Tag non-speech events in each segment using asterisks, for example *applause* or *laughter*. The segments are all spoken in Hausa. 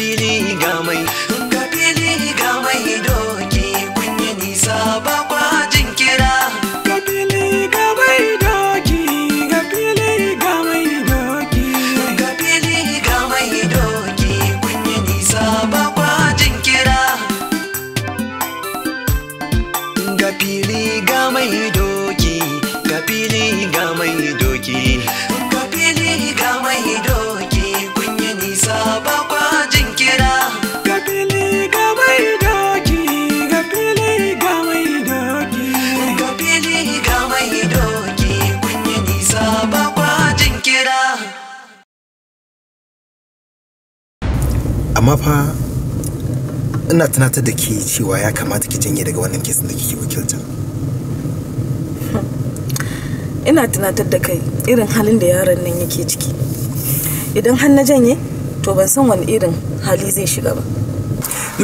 fili ga mai amma fa ina tunatar da ke cewa ya kamata ki janye daga wannan kesin da kike wakilta *laughs* ina tunatar da kai irin halin da yaron nan yake ciki idan har na janye to ban san wani irin hali zai shiga ba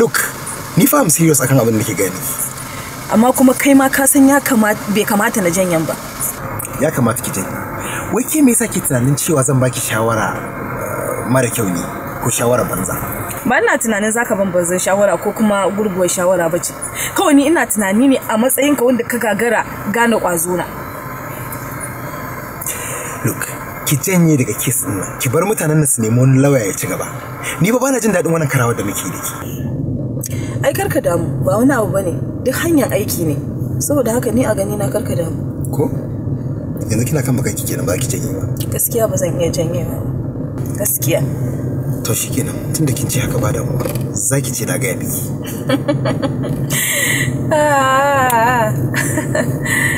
look ni fa am serious akan abin da ke gani amma kuma kai ma ka san ya kamata bai kamata na janyen ba ya kamata ki janye wai ke me yasa ke tunanin cewa zan baki shawara eh, mara kyau ne ko shawara banza ba ina tunanin zaka ban bazan shawara ko kuma gurguwar shawara bace kawai ni ina tunani ne a ka wanda ka gagara gane kwazo na look ki janye daga kes din nan ki bar mutanen nan su nemi wani lawaya ya ci gaba ni ba bana jin daɗin wannan karawar da muke da ke. ai karka damu ba wani abu bane duk hanyar aiki ne saboda haka ni a gani na karka damu ko yanzu kina kan baka nan ba ki janye ba gaskiya ba zan iya janye ba gaskiya to tun tunda kin ce haka ba da za ki ce na gaya biki *laughs* ah. *laughs*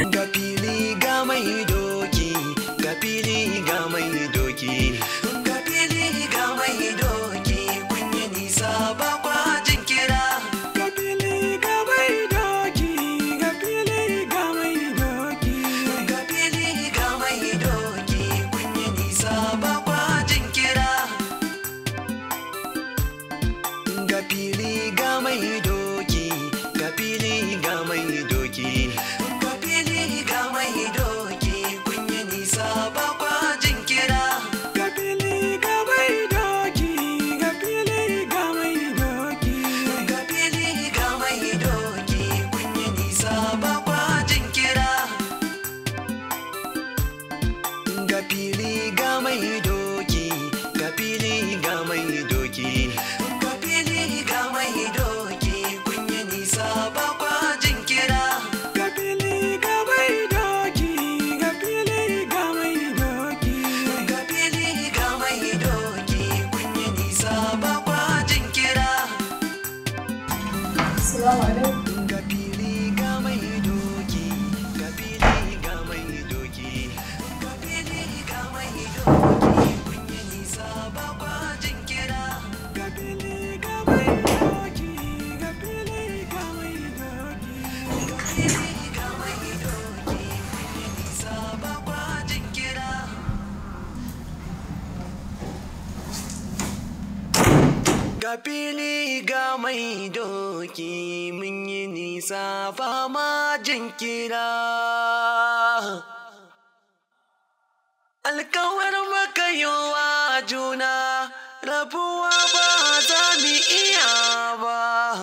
alkawar makayowa juna rabuwa ba za mu iya ba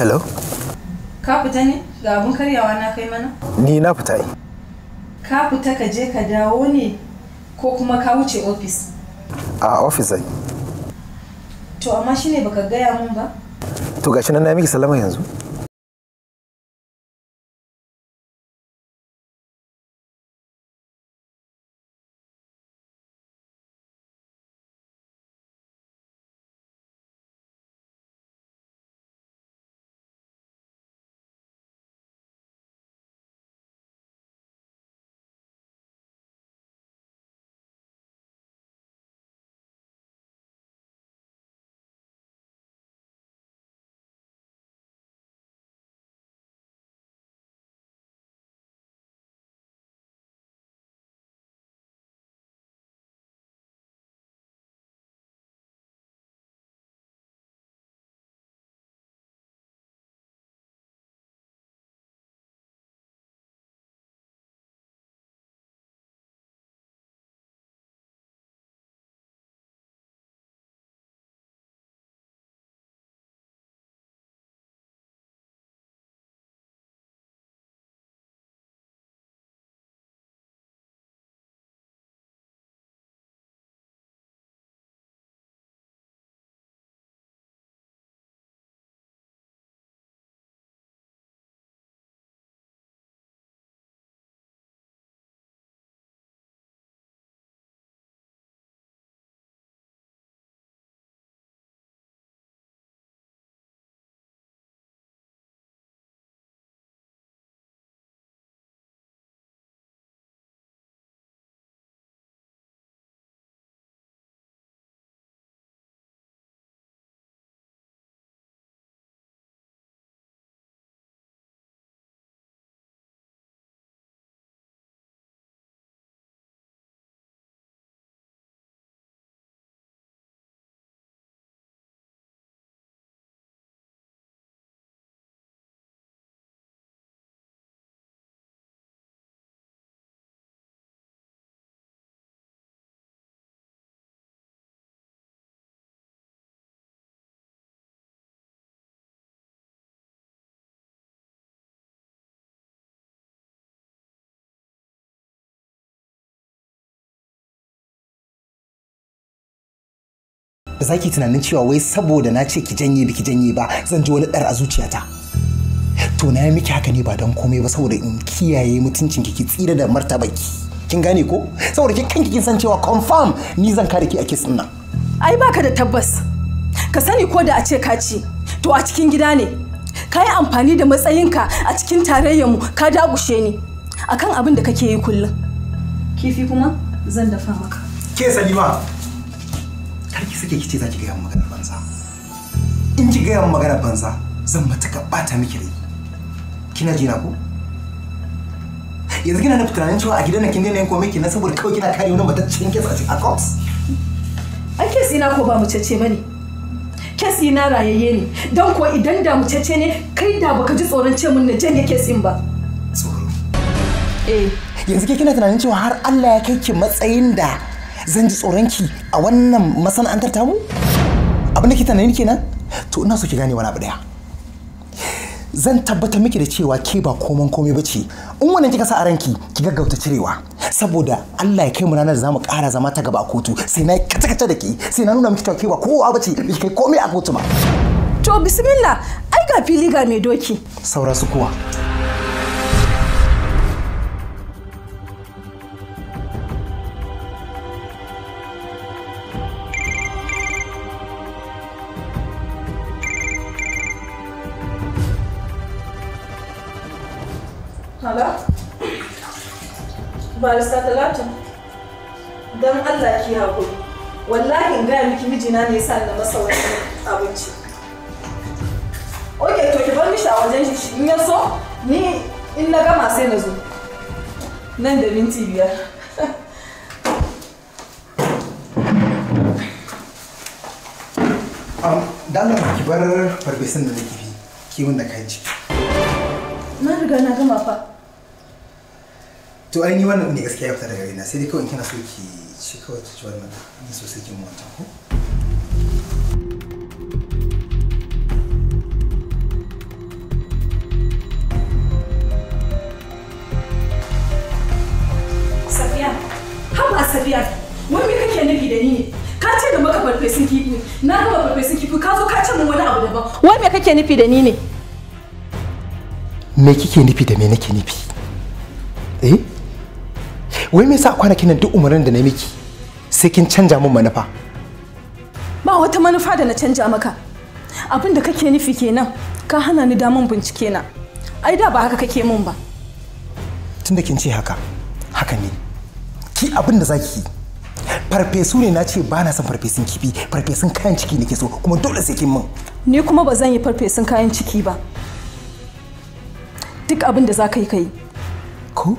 hello ka fita ne ga abun karyawa na kai mana ni na fita yi ka fita ka je ka dawo ne ko kuma ka wuce ofis a ofis zai to amma shi ne baka gaya mun ba to ga nan na miki salama yanzu ba za ki tunanin cewa wai saboda na ce ki janye biki janye ba zan ji wani dar a zuciyata to na yi miki haka ne ba don komai ba saboda in kiyaye mutuncin ki ki tsira da martabaki kin gane ko saboda ki kanki kin san cewa confirm ni zan kare ki a kisin nan ai baka da tabbas ka sani ko da a ce ka ci to a cikin gida ne ka yi amfani da matsayinka a cikin tarayyar mu ka dagushe ni akan abin da kake yi kullum kifi kuma zan dafa maka ke salima karki suke kice zaki gaya magana banza in ki gaya magana banza zan matuka bata miki rai kina ji na ko yanzu kina na tunanin cewa a gidan na kin daina yin komai kina saboda kawai kina kare wani mataccen kes a cikin accounts ai kes ina ko ba mutacce bane kes ina rayayye ne don ko idan da mutacce ne kai da baka ji tsoron ce mun na janye kesin ba tsoro eh yanzu ke kina tunanin cewa har Allah ya kai ki matsayin da zan ji tsoronki a wannan masana'antar tamu abin da ke ke kenan to ina so ki gane wani abu daya zan tabbatar miki da cewa ke ba koman komai ba ce in wannan kika sa a ranki ki gaggauta cirewa saboda Allah ya kai mu ranar da zamu kara zama ta gaba a kotu sai na kace kace da ke sai na nuna miki cewa ke ba kowa ba ce kai komai a kotu ba to bismillah ai ga fili ga mai doki saura su kuwa barista talatu don allah ki haƙuri wallahi in gaya miki mijina ne yasa na masa wani abinci oke to ki bar mishi a wajen shi in ya so ni in na gama sai na zo nan da minti biyar *laughs* Dalla ki bar farfesan da nake fi kiwon da kayan ciki. Na riga na gama fa. to ai ni wannan ne gaskiya ya fita daga raina sai dai kawai kina so ki ci kawai ta ci wannan ni so sai kin mu wancan ko Safiya, haba Safiya, wai me kake nufi da ni ne? Ka ce da maka farfesun kifi, na gama farfesun kifi ka zo ka ce min wani abu daban. Wai me kake nufi da ni ne? Me kike nufi da me nake nufi? Eh? wai me yasa kwanakin nan duk umarnin da na miki sai kin canja min manufa ba wata manufa da na canja maka abin da kake nufi kenan ka hana ni daman bincike na ai da ba haka kake min ba tunda kin ce haka haka ne ki abin da zaki yi farfesu ne na ce ba na son farfesun kifi farfesun kayan ciki nake so kuma dole sai kin min ni kuma ba zan yi farfesun kayan ciki ba duk abin da za ka yi ka yi ko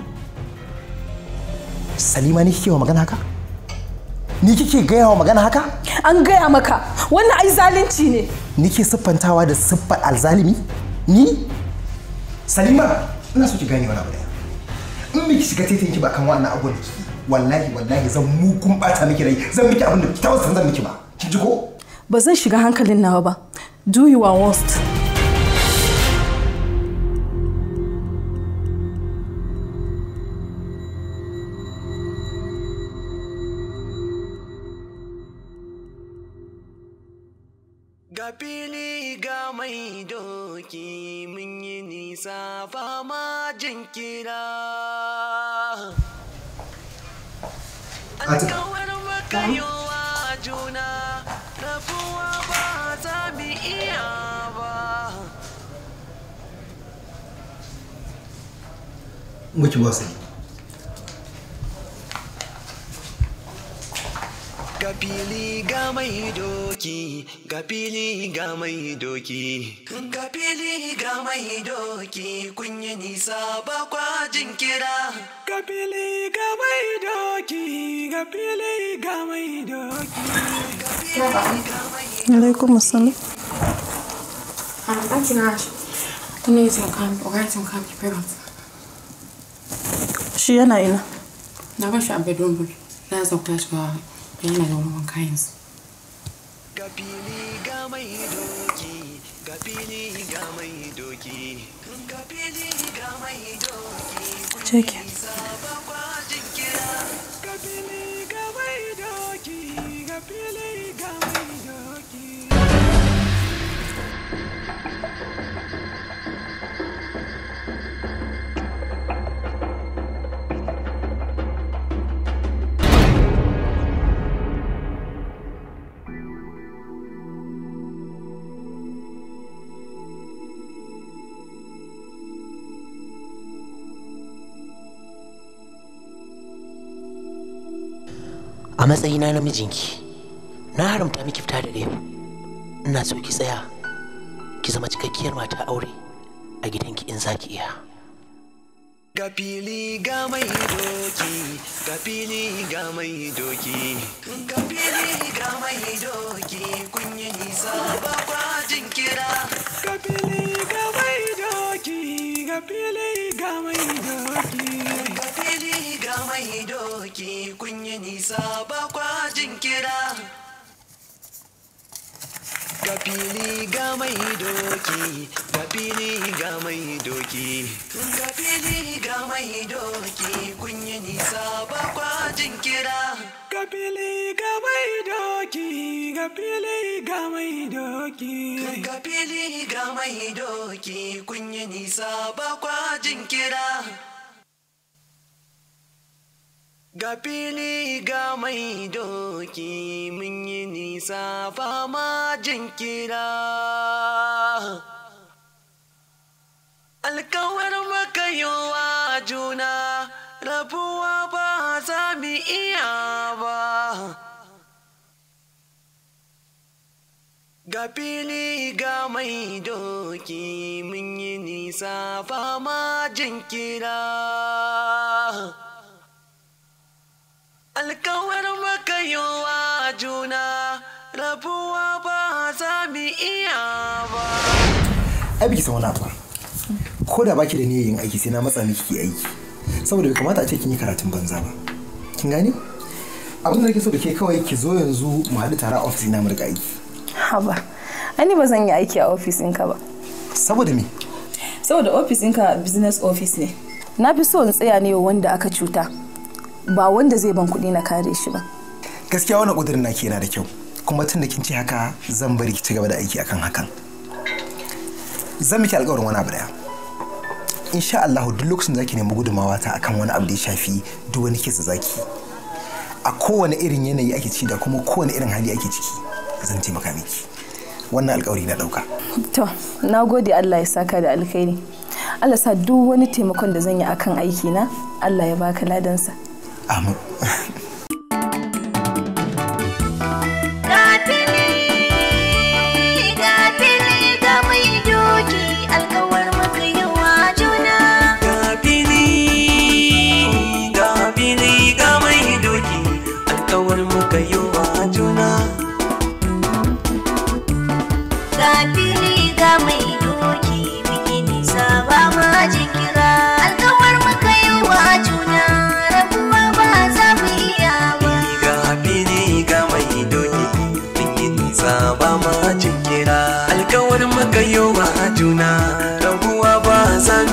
salima ni kike wa magana haka ni kike gaya wa magana haka an gaya maka wannan ai zalunci ne ni ke siffantawa da siffar alzalimi ni salima ina so ki gane wani abu daya in miki shiga titin ki ba kan wannan abu ne wallahi wallahi zan kun bata miki rai zan miki abin da ki tabbata zan miki ba kin ji ko ba zan shiga hankalin nawa ba do you are worst fili ga mai doki mun yi nisa fama jinkira alkawar makayowa juna rabuwa ba za mu iya ba Muito wasu ga fili ga mai doki ga fili ga mai doki ga fili ga mai doki kun yi nisa ba kwa jinkira kira ga fili ga mai doki ga fili ga mai doki ga ga mai doki alaikum assalam I'm not in a rush. I need to come. Okay, I can come Shi yana ina. Na bashi a bedroom. Na zauka shi ba. yana ga maman yanzu. ga mai doki ga fili ga mai doki ga ga mai doki matsayina na mijinki na haramta miki fita da ɗaya ina so ki tsaya ki zama cikakkiyar mata aure a gidanki in za ki iya ga fili ga mai doki ga fili ga mai doki ga fili ga mai doki kun yi nisa ba kwa jinkira ga fili ga mai doki ga fili ga mai doki mai doki kun yi nisa ba kwa kira ga fili ga mai doki ga fili ga mai doki ga fili ga mai doki kun yi nisa ba kwa jinkira ga fili ga mai doki ga fili ga mai doki ga fili ga mai doki kun yi nisa ba kwa jinkira Ga fili ga mai doki mun yi nisa fama jinkira. Alkawar makayowa juna rabuwa ba za mu iya ba. Ga fili ga mai doki mun yi nisa fama jinkira. alkawar makayowa juna rabuwa ba za mu iya ba ai biki san ba. ko da baki da niyyar yin aiki sai na matsa miki ki aiki saboda bai kamata a ce kin yi karatun banza ba kin gane abin da nake so da ke kawai ki zo yanzu mu haɗu tare a ofis ina mu riga aiki haba ani ba zan yi aiki a ofis ɗinka ba saboda me saboda ofis ɗinka business office ne na fi so in tsaya ne wanda aka cuta ba wanda zai ban kuɗi na kare shi ba gaskiya wani ƙudurin na yana da kyau kuma tun da kin ce haka zan bari ki ci gaba da aiki akan hakan zan miki alƙawarin wani abu daya insha Allah duk lokacin da zaki nemi gudumawa ta akan wani abu da ya shafi duk wani kisa zaki a kowane irin yanayi ake ciki da kuma kowane irin hali ake ciki zan taimaka miki wannan alƙawari na ɗauka. to na gode Allah ya saka da alkhairi Allah sa duk wani taimakon da zan yi akan na Allah ya baka ladansa. I'm. juna rabuwa ba za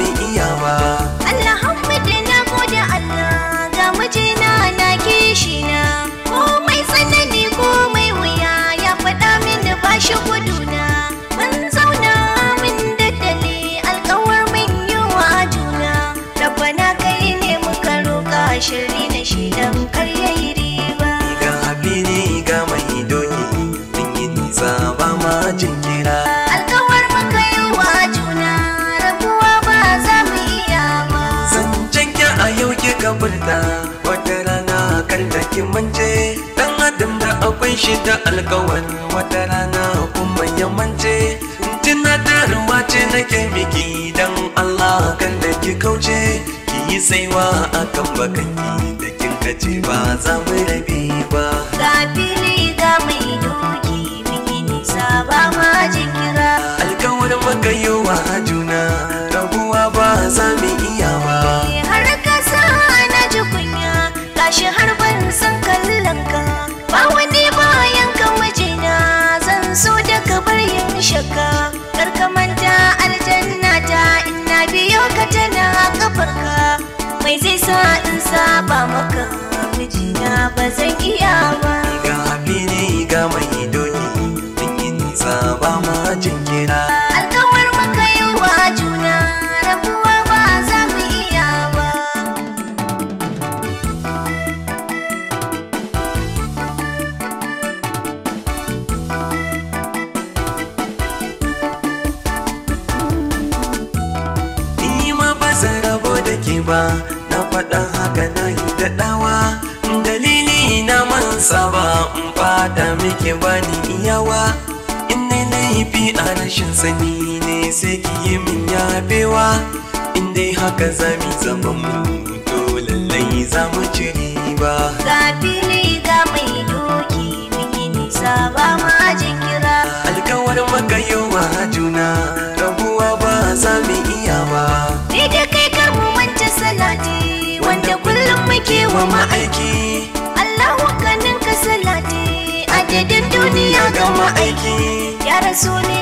alkawari wata rana kuma yamance tunatarwa ce nake miki dan Allah kan da ki kauce ki yi saiwa akan bakanki da kin kace ba za mu rabi ba ga fili ga mai doki miki nisa ba ma jikira alkawarin muka juna zan iya ba ga amini ga mai doni bikin tsaba ma jinkira haka zami zaman mu zama lallai za mu ci riba ga fili mai doki miki nisa ba ma jikira alkawar maka yawa juna rabuwa ba za mu iya ba ni da kai kar mu manta salati wanda kullum muke wa ma'aiki Allahu kanin ka salati adadin duniya ga ma'aiki ya rasu ne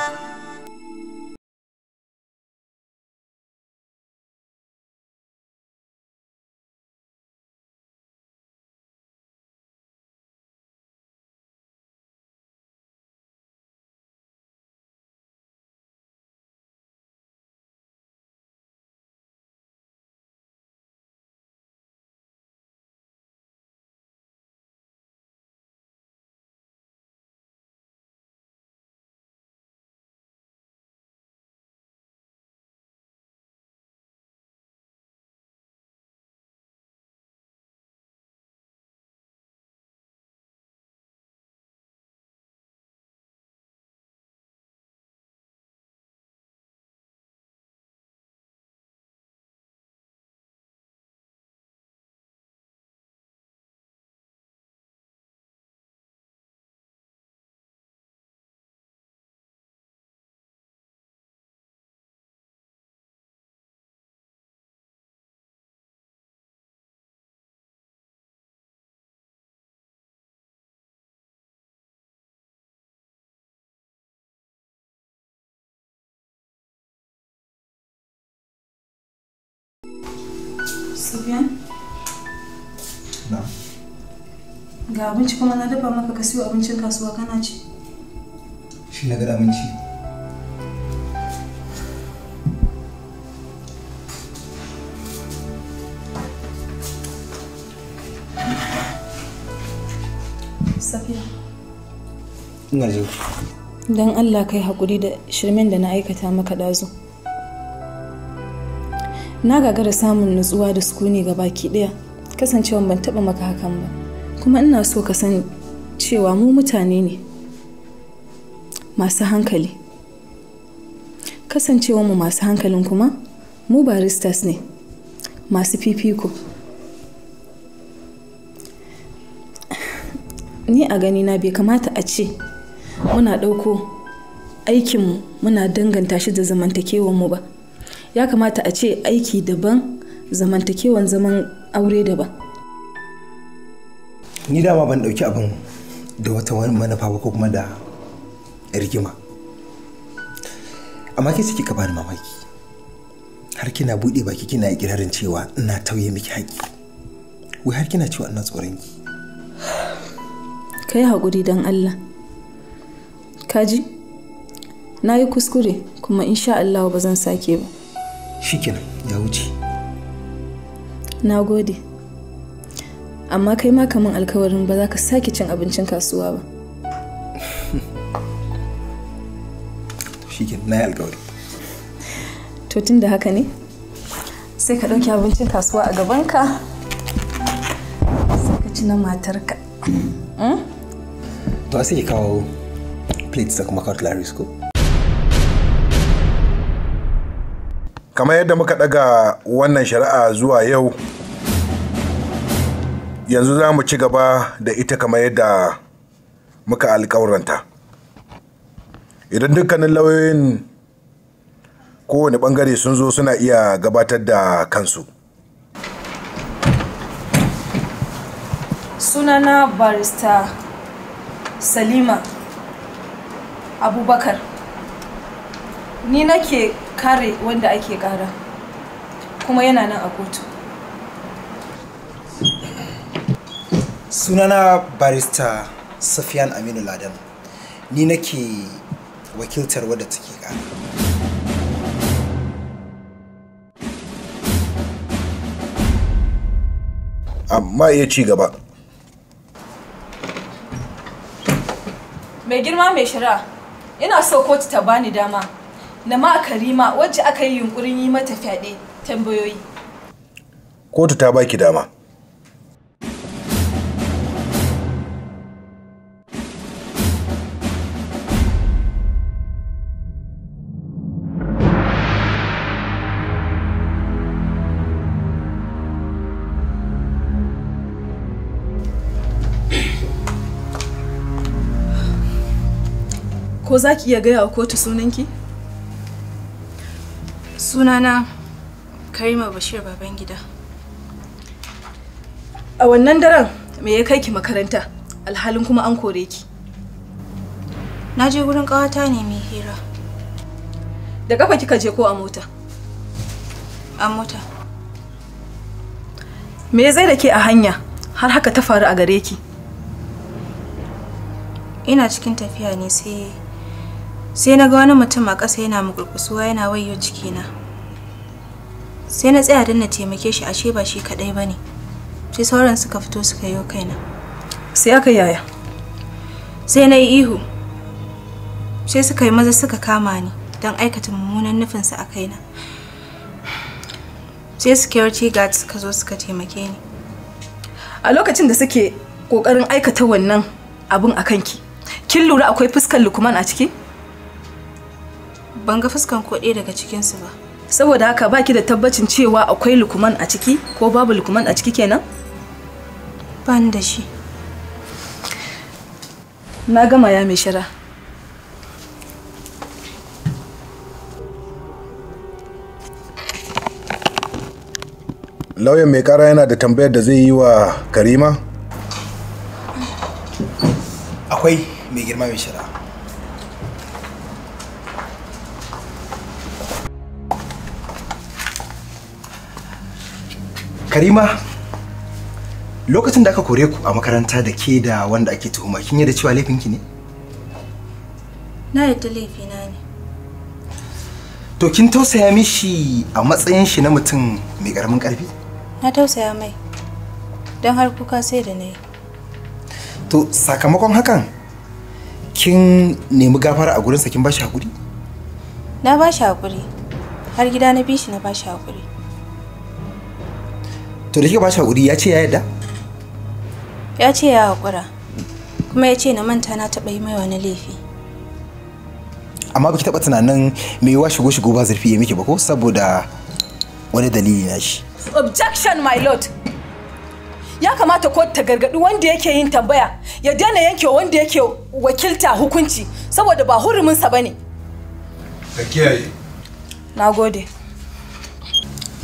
Sufiyan? Na. Ga abinci kuma na dafa maka ka siyo abincin kasuwa kana ci. Shi na gada abinci. Safiya. Ina ji. Don Allah kai haƙuri da shirmen da na aikata maka ɗazu. na gagara samun nutsuwa da sukuni ga baki daya kasancewa ban taɓa maka hakan ba kuma ina so ka san cewa mu mutane ne masu hankali kasancewa mu masu hankalin kuma mu baristas ne masu fifiko ni a gani na bai kamata a ce muna ɗauko aikinmu muna danganta shi da zamantakewanmu ba ya kamata a ce aiki daban zamantakewan zaman aure daban ni dama ban dauki abin da wata wani manufa ko kuma da rigima amma ke ciki ka bani mamaki har kina bude baki kina kirarin cewa ina tauye miki haƙi wai har kina cewa ina tsoron ki kai hakuri dan Allah kaji na yi kuskure kuma insha Allah ba zan sake ba shikenan ya wuce na gode amma kai ma kaman alkawarin ba za ka sake cin abincin kasuwa ba *laughs* shikenan na yi alkawari to tun da haka ne sai ka ɗauki abincin kasuwa a gabanka sai ka ci na matarka hmm? Hmm? to sai kawo plates da kuma cutleries ko kamar yadda muka daga wannan shari'a zuwa yau yanzu za mu ci gaba da ita kamar yadda muka alkawuranta idan dukkanin lauyoyin kowane bangare sun zo suna iya gabatar da kansu sunana barista salima abubakar ni nake kare wanda ake kara kuma yana nan a kotu sunana barista safiyan aminu ladan ni nake wakiltar wadda take kara amma ya ci gaba mai girma mai shari'a ina so kotu ta bani dama na ma karima wacce aka yi yunkurin yi mata fyaɗe tambayoyi kotu ta baki dama ko za ki iya gaya wa kotu sunanki? sunana karima bashir babangida a wannan daren me ya kai ki makaranta alhalin kuma an kore ki na je wurin ƙawata ne mai hira da kafa kika je ko a mota a mota me zai da ke a hanya har haka ta faru a gare ki ina cikin tafiya ne sai sai na ga wani mutum a ƙasa yana mukurkusuwa yana wayo cikina sai na tsaya don na taimake shi ashe ba shi kadai ba ne sai sauran suka fito suka yi kaina sai aka yaya sai na yi ihu sai suka yi maza suka kama ni don aikata mummunan nufinsu a kaina sai security guards suka zo suka taimake ni a lokacin da suke kokarin aikata wannan abun a kanki kin lura akwai fuskar lukman a ciki ban ga fuskan ko daga cikinsu ba saboda haka baki da tabbacin cewa akwai lukuman a ciki ko babu lukuman a ciki kenan ban da shi na gama ya mai shara lauyan mai kara yana da tambayar da zai yi wa karima akwai mai girma mai shara Karima lokacin da aka kore ku a makaranta da ke da wanda ake tuhuma kin da cewa laifinki ne? Na yadda laifina ne. To kin tausaya mishi a matsayin shi na mutum mai karamin karfi? Na tausaya mai. Don har kuka sai da nayi To sakamakon hakan kin nemi gafara a gurinsa kin bashi hakuri? Na bashi hakuri. Har gida na bi shi na bashi hakuri. to da kika ba shi hakuri ya ce ya yadda. ya ce ya haƙura kuma ya ce na manta na taɓa yi mai wani laifi amma baki taɓa tunanin me yiwa shigo shigo ba zurfi ya miki ba ko saboda wani dalili na shi objection my lord ya kamata ko ta gargaɗi wanda yake yin tambaya ya daina yanke wanda yake wakilta hukunci saboda ba huruminsa ba ne ka kiyaye na gode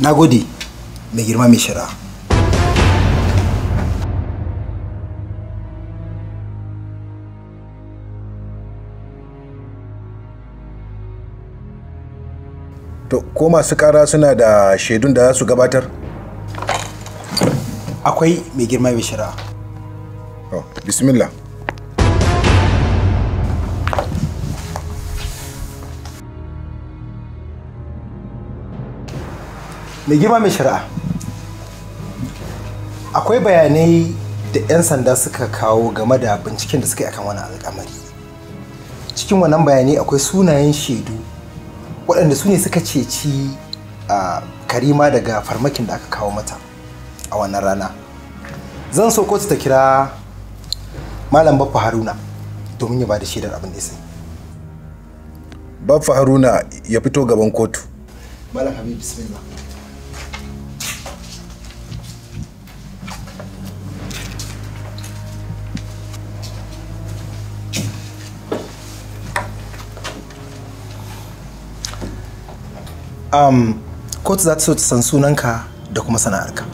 na gode mai girma mai shara. to ko masu kara suna da shaidun da za su gabatar akwai mai girma mai shari'a bismillah mai girma mai shari'a akwai bayanai da 'yan sanda suka kawo game da binciken da suka yi akan wani al'amari cikin wannan bayanai akwai sunayen shaidu waɗanda su ne suka ceci a karima daga farmakin da aka kawo mata a wannan rana zan so kotu ta kira malam baffa haruna domin ya ba da shaidar abin da ya sai baffa haruna ya fito gaban kotu malam habib bismillah um, kotu za ta san sunanka da kuma sana'arka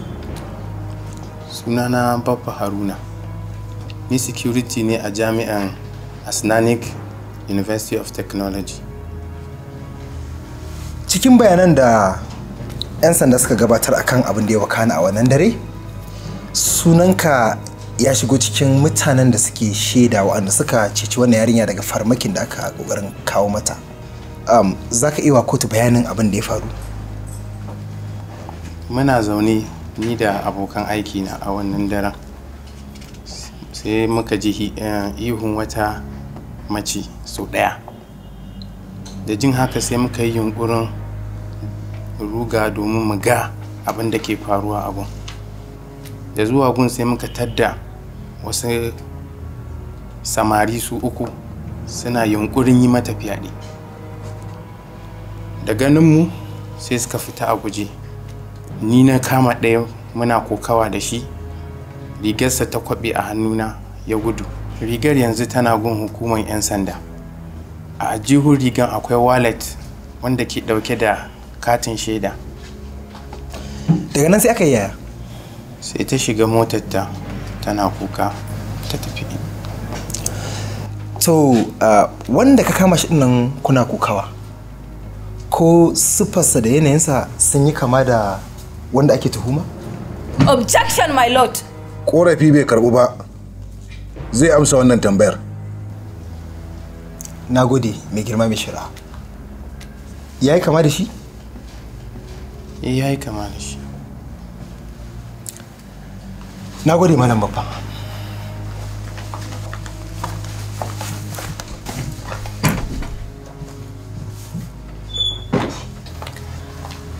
sunana babba haruna ni security ne a jami'an asnanic university of technology cikin bayanan da 'yan sanda suka gabatar akan abin da ya wakana a wannan dare sunanka ya shigo cikin mutanen da suke shaida waɗanda suka ceci wannan yarinya daga farmakin da aka ƙoƙarin kawo mata um, za ka iya kotu bayanin abin da ya faru muna zaune ni da abokan aiki na a wannan daren sai muka ji eh, ihun wata mace sau ɗaya da jin haka sai muka yi yunkurin ruga domin mu ga abin da ke faruwa a gun da zuwa gun sai muka tadda wasu samari su uku suna yunkurin yi mata fyaɗe da ganin mu sai suka fita a guje ni na kama ɗaya muna kokawa da shi rigarsa ta kwaɓe a hannuna ya gudu rigar yanzu tana gun hukumar 'yan sanda a jihun rigar akwai wallet wanda ke ɗauke da katin shaida daga nan sai aka yaya sai ta shiga motarta tana kuka ta tafi to ah, wanda ka kama shi nan kuna kukawa ko siffarsa da yanayinsa sun yi kama da wanda ake tuhuma? Objection, my lord! Ƙorafi bai karɓu ba, zai amsa wannan tambayar. Na gode, mai girma mai shira. Ya yi kama da shi? Eh, ya yi kama da shi. Na gode, malam babba.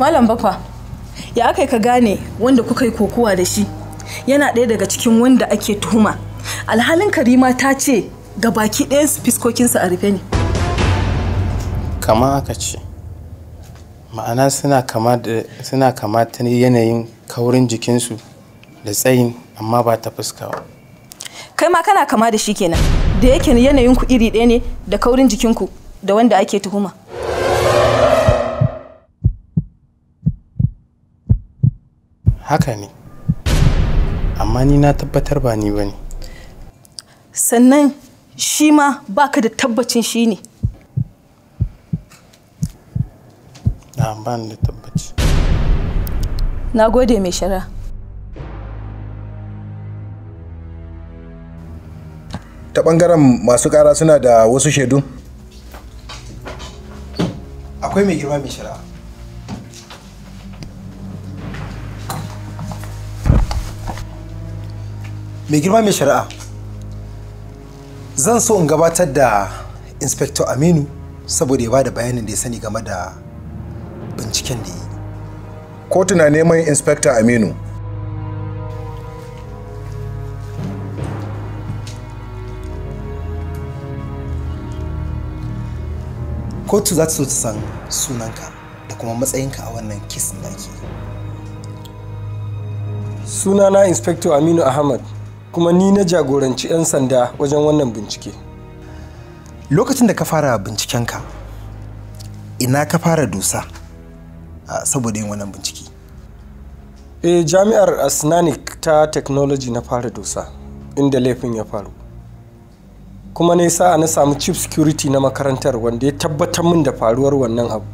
malam bakwa ya aka ka gane wanda kuka yi kokowa da shi yana ɗaya daga cikin wanda ake tuhuma alhalin karima ta ce ga baki su fiskokinsa a rufe ne kama aka ce ma'ana suna kama ta yanayin kaurin jikinsu da tsayin amma ba ta fuskawa kai ma kana kama da shi kenan da yake yanayin ku iri ɗaya ne da kaurin jikinku da wanda ake tuhuma haka ne amma ni na tabbatar ba ni ba ne sannan shi ma baka da tabbacin shi ne na ba ni da tabbaci na gode mai shara ta bangaren masu kara suna da wasu shaidu akwai mai girma mai shari'a mai girma mai shari'a zan so in gabatar da inspector aminu saboda ya ba da bayanin da ya sani game da binciken da yi kotu na neman inspector aminu kotu za ta so ta san sunanka da kuma matsayinka a wannan kisin da ke sunana inspector aminu ahmad kuma ni na jagoranci 'yan sanda wajen wannan bincike lokacin da ka fara bincikenka ina ka fara dusa ah, saboda yin wannan bincike e jami'ar asnanic ta technology na fara dusa inda laifin ya faru kuma ne sa'a na samu chief security na makarantar wanda ya tabbatar min da faruwar wannan abu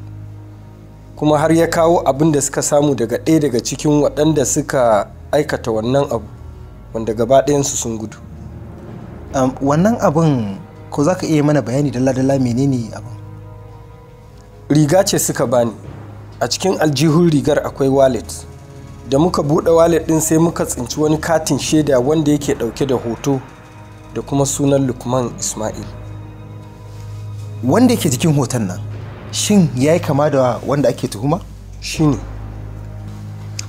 kuma har ya kawo abin da suka samu daga ɗaya daga cikin waɗanda suka aikata wannan abu wanda gaba ɗayansu sun gudu wannan abin ko za ka iya mana bayani dalla-dalla menene abin riga ce suka bani a cikin aljihun rigar akwai wallet da muka buɗe wallet ɗin sai muka tsinci wani katin shaida wanda yake ɗauke da hoto da kuma sunan lukman ismail wanda yake jikin hoton nan shin ya yi kama da wanda ake tuhuma shine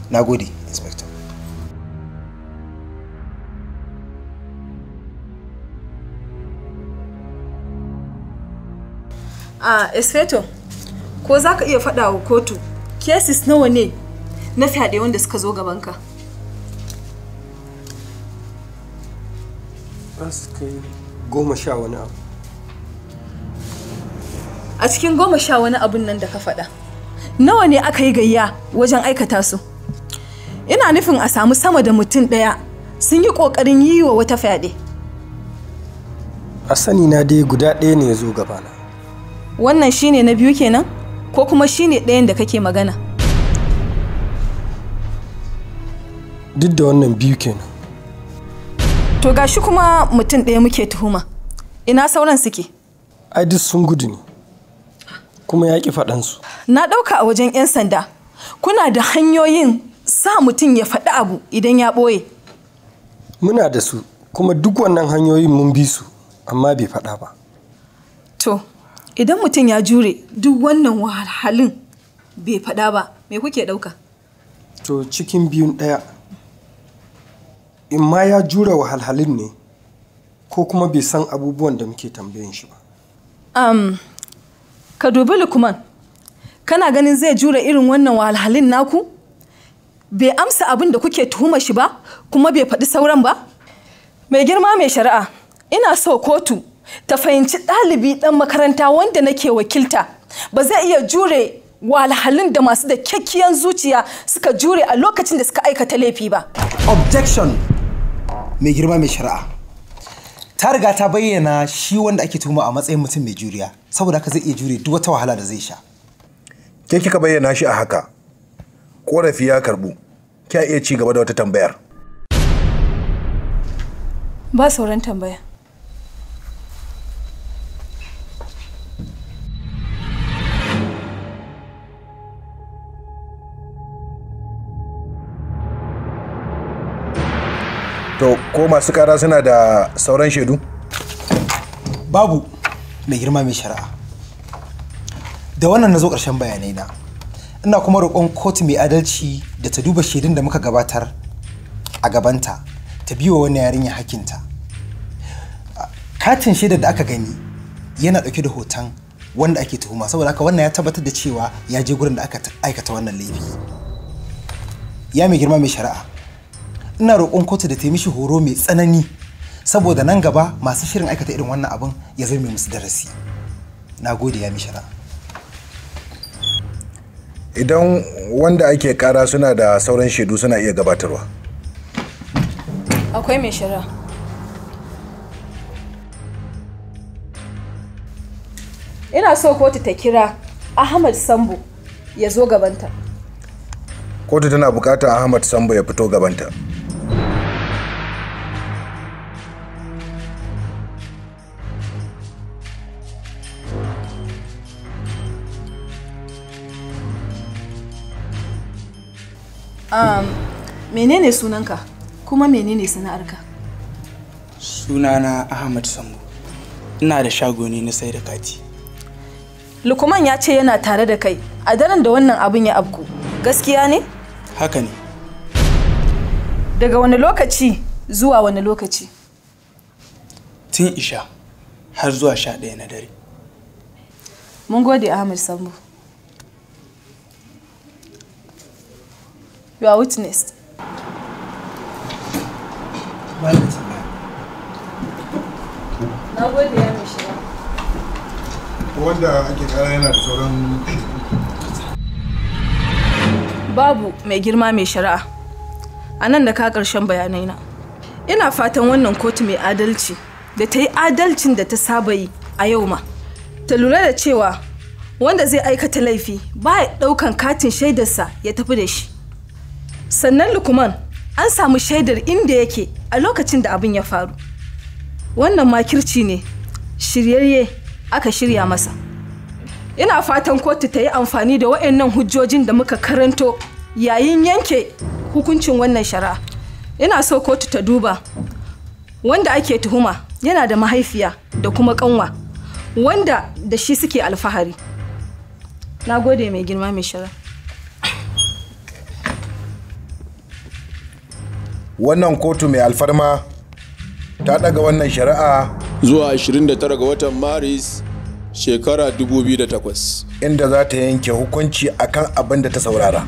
na gode a esfeto ko za ka iya faɗa wa kotu cases nawa ne na fyaɗe wanda suka zo gabanka ka goma sha wani abu a cikin goma sha wani abun nan da ka faɗa nawa ne aka yi gayya wajen aikata su ina nufin a samu sama da mutum ɗaya sun yi ƙoƙarin yiwa wata fyaɗe a sani na dai guda ɗaya ne ya zo gabana wannan shine na biyu kenan ko kuma shine ɗayan da kake magana duk da wannan biyu kenan to gashi kuma mutum ɗaya muke tuhuma ina sauran suke ai duk sun gudu ne kuma ya ƙi faɗansu na ɗauka a wajen 'yan sanda kuna da hanyoyin sa mutum ya faɗi abu idan ya ɓoye muna da su kuma duk wannan hanyoyin mun bi su amma bai faɗa ba to idan mutum ya jure duk wannan wahalhalin bai faɗa ba me kuke ɗauka to cikin biyun ɗaya in ma ya jure wahalhalin ne ko kuma bai san abubuwan da muke tambayin shi ba um, ka dubi lukman kana ganin zai jure irin wannan wahalhalin naku bai amsa abin da kuke tuhuma shi ba kuma bai faɗi sauran ba mai girma mai shari'a ina so kotu ta fahimci ɗalibi ɗan makaranta wanda nake wakilta ba zai iya jure walhalin da masu da kyakkiyan zuciya suka jure a lokacin da suka aikata laifi ba. Objection mai girma mai shari'a. Ta riga ta bayyana shi wanda ake tuma a matsayin mutum mai juriya saboda haka zai iya jure duk wata wahala da zai sha. Ke kika bayyana shi a haka. korafi ya karbu. Kya iya ci gaba da wata tambayar. Ba sauran tambaya. to ko masu kara suna da sauran shaidu babu mai girma mai shari'a da wannan na zo ƙarshen bayanai na ina kuma roƙon kotu mai adalci da ta duba shaidun da muka gabatar a gabanta ta biyo wani yarinya hakinta katin shaidar da aka gani yana ɗauke da hoton wanda ake tuhuma saboda haka wannan ya tabbatar da cewa ya je gurin da aka aikata wannan laifi ya mai girma mai shari'a ina roƙon kotu da ta mishi horo mai tsanani saboda nan gaba masu shirin aikata irin wannan abin ya zama musu darasi na gode ya mishara idan wanda ake kara suna da sauran shaidu suna iya gabatarwa akwai mai shara ina so kotu ta kira ahmad sambo ya zo gabanta kotu tana bukata ahmad sambo ya fito gabanta Um, menene sunanka kuma menene sana'arka? Sunana Ahmad Sambo. Ina da shagoni na sai da kati. Lukuman ya ce yana tare da kai a daren da wannan abin ya abku. Gaskiya ne? Haka ne. Daga wani lokaci zuwa wani lokaci? Tun isha har zuwa sha ɗaya na dare. Mun gode Ahmad Sambo. You are witnessed. Babu mai girma mai shari'a. A nan da ka ƙarshen bayanaina. Ina fatan wannan kotu mai adalci da ta yi adalcin da ta saba yi a yau ma. Ta lura da cewa wanda zai aikata laifi ba ya ɗaukan katin shaidarsa ya tafi da shi. sannan lukman an samu shaidar inda yake a lokacin da abin ya faru wannan ma kirci ne shiryayye aka shirya masa ina fatan kotu ta yi amfani da waɗannan hujjojin da muka karanto yayin yanke hukuncin wannan shari'a ina so kotu ta duba wanda ake tuhuma yana da mahaifiya da kuma kanwa wanda da shi suke alfahari na gode mai girma mai shara'a. wannan kotu mai alfarma ta daga wannan shari'a zuwa 29 ga watan maris shekara 2008 inda za ta yanke hukunci akan abin da ta saurara.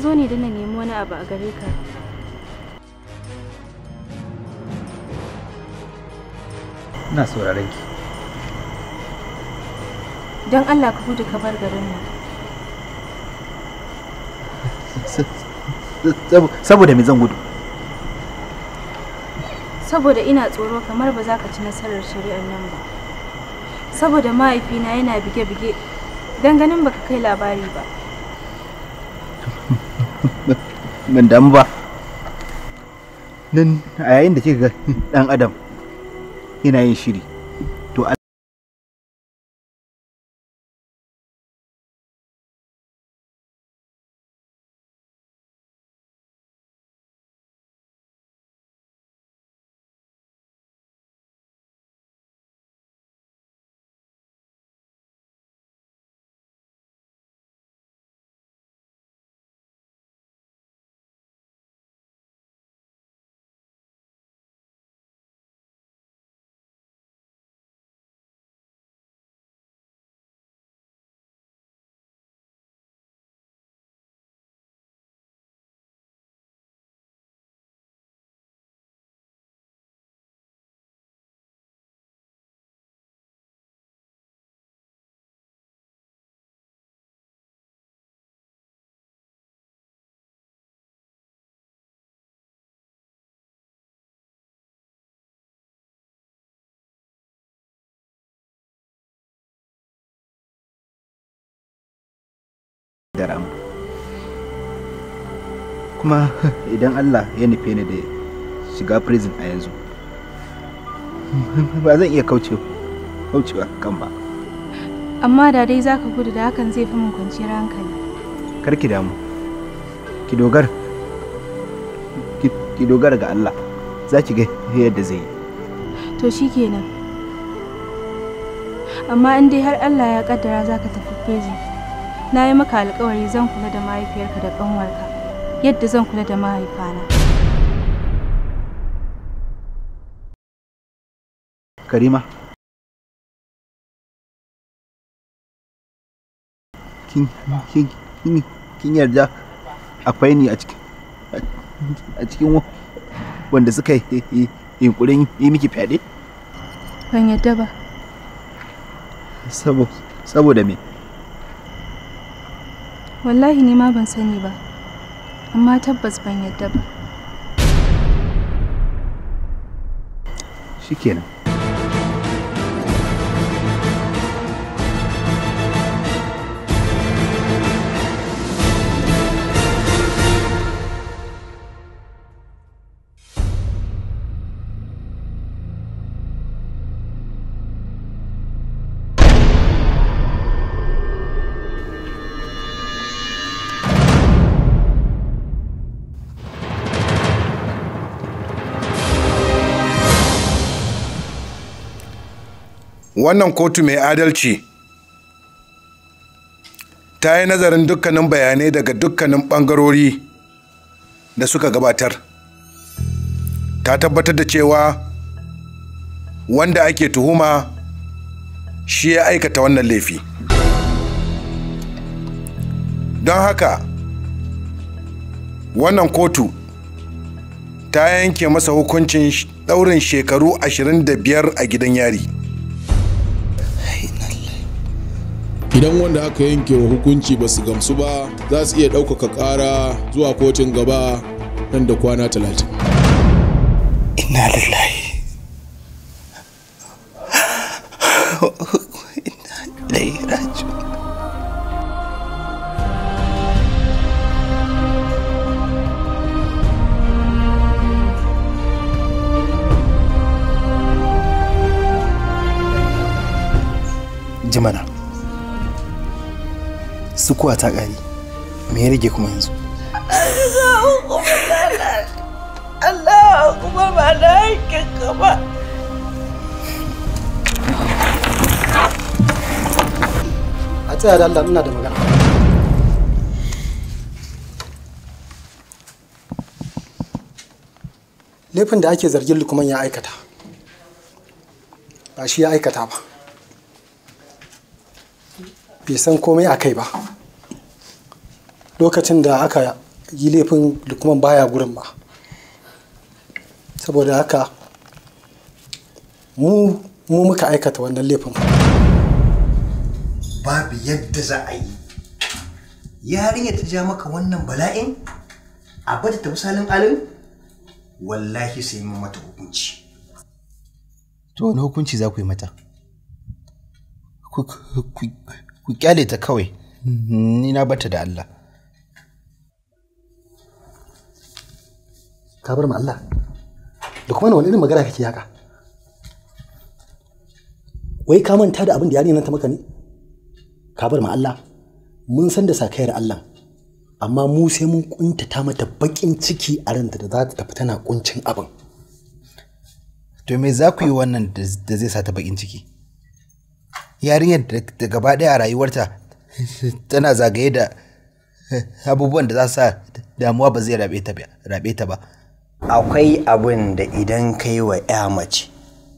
zo ne don na nemi wani abu a gare ka ina sauraron ki don allah ka fito ka bar garin mu. saboda me zan gudu saboda ina tsoro kamar ba za ka ci nasarar shari'ar nan ba saboda mahaifina yana bige-bige don ganin baka kai labari ba ban damu ba nan a yayin da kika ga dan hmm. adam yana yin shiri da kuma *laughs* idan allah ya nufe ni da shiga prison a yanzu *laughs* ba zan iya kaucewa kan ba amma da dai za ka gudu da hakan zai fi mun kwanciyar hankali Kar ki damu ki dogar ki dogara ga allah za ki ga yadda zai yi to shi kenan amma in dai har allah ya kaddara za ka tafi prison na yi maka alkawari zan kula da mahaifiyarka da ƙanwarka yadda zan kula da mahaifana karima kin yarda akwai ni a cikin wanda suka yi yunkurin yi miki fyaɗe? ban yadda ba saboda me wallahi ni ma ban sani ba amma tabbas ban yadda ba shikenan wannan kotu mai adalci ta yi nazarin dukkanin bayanai daga dukkanin ɓangarori da suka gabatar ta tabbatar da cewa wanda ake tuhuma shi ya aikata wannan laifi don haka wannan kotu ta yanke masa hukuncin ɗaurin shekaru 25 a gidan yari idan wanda aka yanke wa hukunci ba su gamsu ba za su iya ɗaukaka ƙara zuwa kotun gaba nan da kwana talatin. Inna lillahi sukuwa ta ƙari me ya rage kuma yanzu Allah kuma ba na a tsaya da Allah ina da magana laifin da ake zargin lukman ya aikata ba shi ya aikata ba bai san komai a kai ba lokacin da aka yi laifin lukman baya gurin ba saboda haka mu muka aikata wannan laifin babu yadda za a yi yarinya ta ja maka wannan bala'in a bada ta misalin alin wallahi sai mu mata hukunci to wani hukunci za ku yi mata ku kyale ta kawai ni na bata da Allah ka bar ma Allah da kuma wani irin magana kake haka wai ka manta da abin da yarinyar nan ta maka ne ka bar ma Allah mun san da sakayar Allah amma mu sai mun kuntata mata bakin ciki a ranta da za ta tafi tana kuncin abin to me za ku yi wannan da zai sa ta bakin ciki yarinyar da gaba daya a rayuwarta tana zagaye da abubuwan da za sa damuwa ba zai rabe ta ba akwai abin da idan kai wa ya mace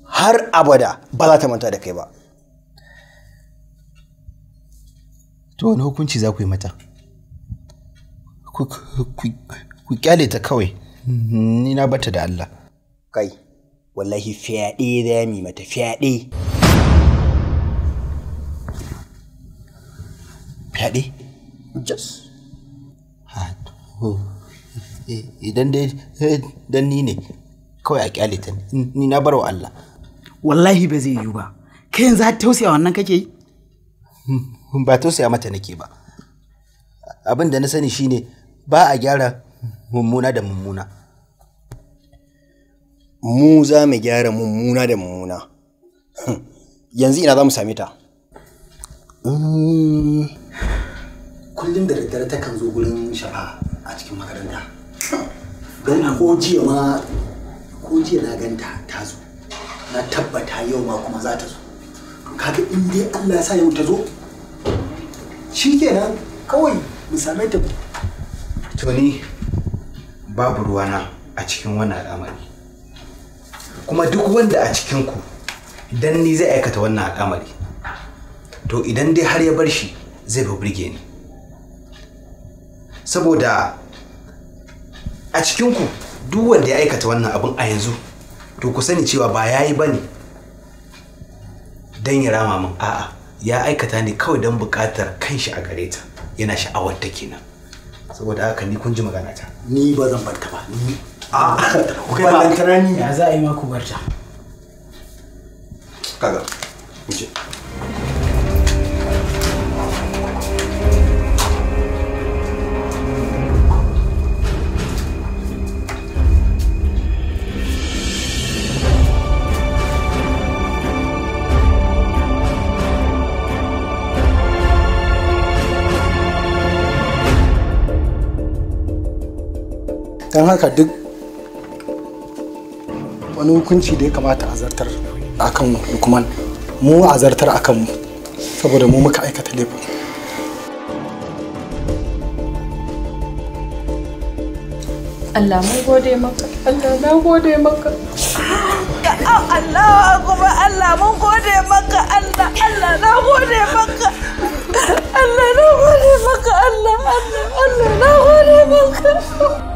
har abada ba za ta manta da kai ba to wani hukunci za ku yi mata ku kyale ta kawai ni na bata da Allah kai wallahi fyaɗe za ya mata fyaɗe fyaɗe just ha Eh, idan dai eh, dan ni ne kawai a kyale ta ni na barwa Allah wallahi ba zai yiwu ba kai yanzu har tausaya wannan kake yi hmm, ba tausaya mata nake ba abin da na sani shine ba a gyara mummuna da mummuna mu za mu gyara mummuna da mummuna hmm, yanzu ina za mu same ta eh, kullum da daddare takan zo gurin shafa a cikin makaranta don ko jiya ma ko jiya na ganta ta zo na tabbata yau ma kuma za ta zo to kaga in dai Allah ya sa yau ta zo shikenan kawai mu same ta to ni babu ruwana a cikin wannan al'amari kuma duk wanda a cikin ku dan ni zai aikata wannan al'amari to idan dai har ya bar shi zai fi burge ni saboda a cikinku duk wanda ya aikata wannan abin a yanzu to ku sani cewa ba ya yi ba ne don ya rama a'a ya aikata ne kawai don buƙatar kanshi a gare ta yana sha'awar ta kenan saboda haka ni kun ji magana ta ni ba zan barta ba ni a ku kai ba ya za a yi ma barta kaga don haka duk wani hukunci da ya kamata a zartar a akan lukman mu a zartar akan mu saboda mu muka aikata laifin Allah mun gode maka Allah na gode maka Allah kuma Allah mun gode maka Allah Allah na gode maka Allah na gode maka Allah Allah Allah na gode maka